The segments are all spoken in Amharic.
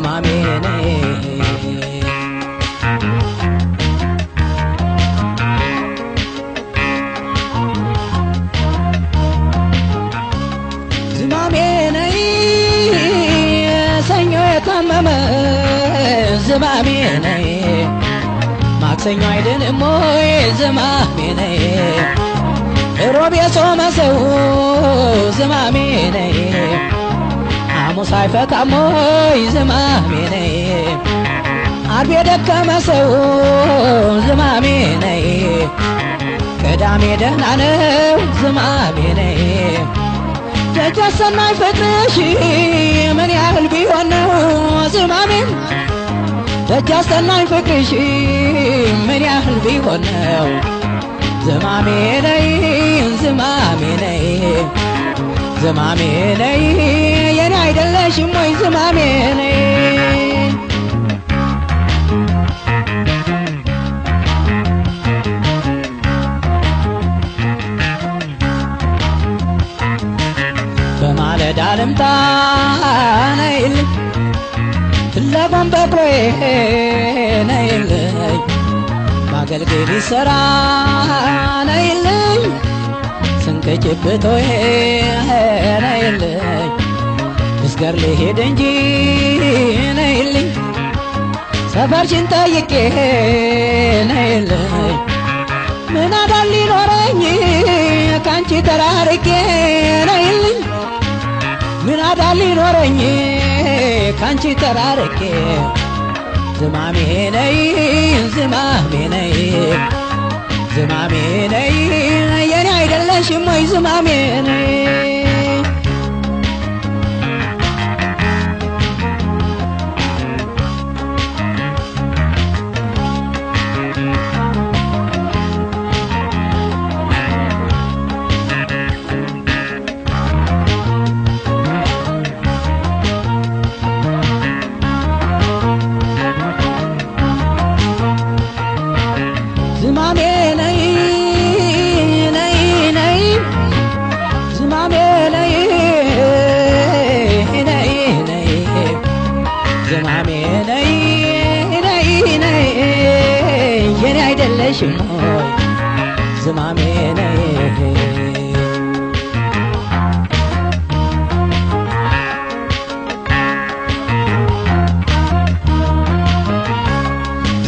ዝማሜ ዝማሜ የታመመ ዝማሜ ማክሰኞ አይድንም ሮብ የጾመ ሰው ዝማሜነ። ሙሳይ ፈካሞ ይዝማሜ ነይ አርብ የደከመ ሰው ዝማሜ ነይ ቅዳሜ ደህና ነው ዝማሜ ነይ ደጀ ሰናይ ምን ያህል ቢሆን ነው ዝማሜ ሰናይ ምን ያህል ቢሆን ነው ዝማሜ ነይ ዝማሜ ነይ ዝማሜ ነይ ግርማሜን በማለዳ ልምጣ ነይል ፍላጎን በቅሎዬ ነይልኝ ማገልገል ይሰራ ነይልኝ ስንቅ ጭብጦዬ ነይልኝ ጋር ልሄድ እንጂ ነይልኝ ሰፈርሽን ጠይቄ ነይልኝ ምን አዳል ሊኖረኝ ከአንቺ ተራርቄ ነይልኝ ምን አዳል ሊኖረኝ ከአንቺ ተራርቄ ዝማሜ ነይ ዝማሜ ነይ ዝማሜ ነይ የኔ አይደለሽም ወይ ዝማሜ ነይ ነሽ ሆይ ዝማሜ ነሽ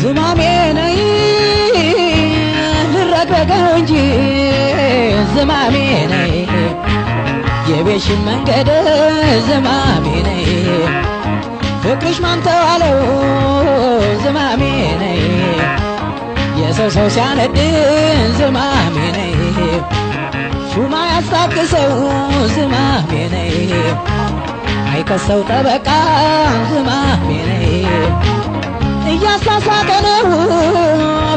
ዝማሜ ነይ ልረግረገው እንጂ ዝማሜ ነይ የቤሽን መንገድ ዝማሜ ነይ ፍቅርሽ ማንተዋለው ዝማሜ ነይ የሰው ሰው ሲያነድ ዝማሜ ነይ ሹማ ያስታቅሰው ዝማሜ ነይ አይከሰው ጠበቃ ዝማሜ ነይ እያሳሳቀ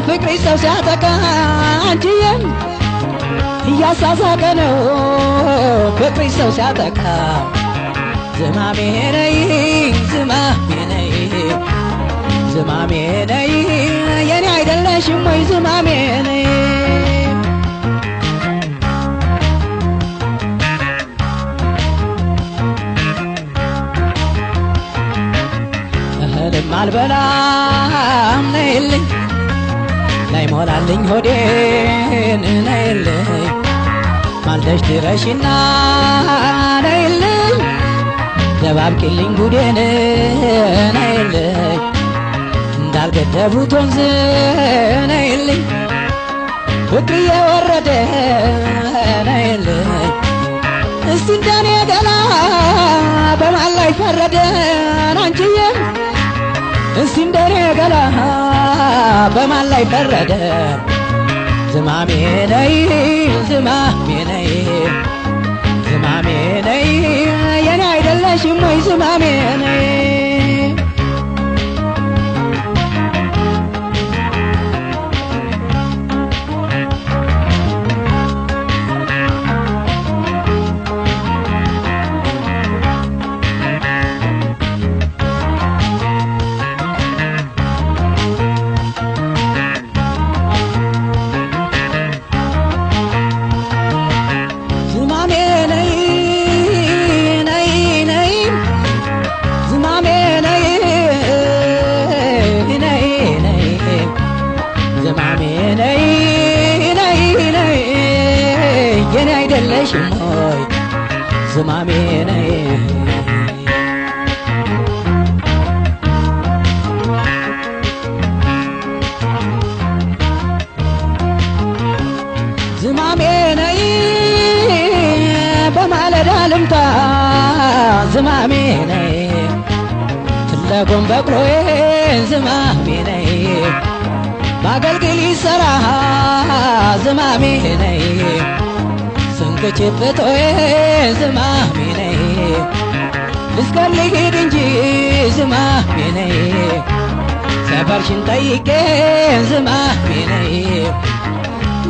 ፍቅሪ ሰው ሲያጠቃ አንቺዬም እያሳሳቀ ፍቅሪ ሰው ሲያጠቃ ዝማሜ ነይ ዝማሜ ነይ ዝማሜ ነይ አልሰማሽም ዝማሜን እህልም አልበላም ነይልኝ ላይሞላልኝ ሆዴን ነይልኝ ድረሽና ነይልኝ ደባብቂልኝ ጉዴን ገደቡቶን ዝናይልኝ ፍቅር እየወረደ ናይልኝ እስቲ እንደኔ ገላ በማን ላይ ፈረደ አንቺዬ እስቲ እንደኔ ገላ በማን ላይ ፈረደ ዝማሜ ነይ ዝማሜ ነይ ዝማሜ ነይ የኔ አይደለሽም ወይ ዝማሜ ነይ የለሽም ሆይ ዝማሜ ነይ ዝማሜ ነይ በማለዳ ልምታ ዝማሜ ነይ ትለጎም በቅሎዬ ዝማሜ ነይ ባገልግል ይሰራ ዝማሜ ነይ ተጨብጦ ዝማሜ ነይ ልስቀልግድ እንጂ ዝማሜ ነይ ሰፈርሽን ጠይቄ ዝማሜ ነይ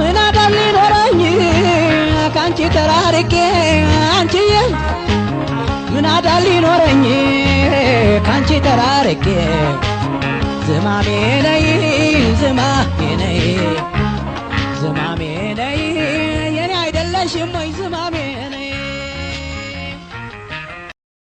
ምን አዳም ሊኖረኝ ከአንቺ ተራርቄ አንቺዬ ምን አዳም ሊኖረኝ ከአንቺ ተራርቄ ዝማሜ ነይ ዝማሜ ነይ ዝማሜ ነይ የኔ አይደለሽም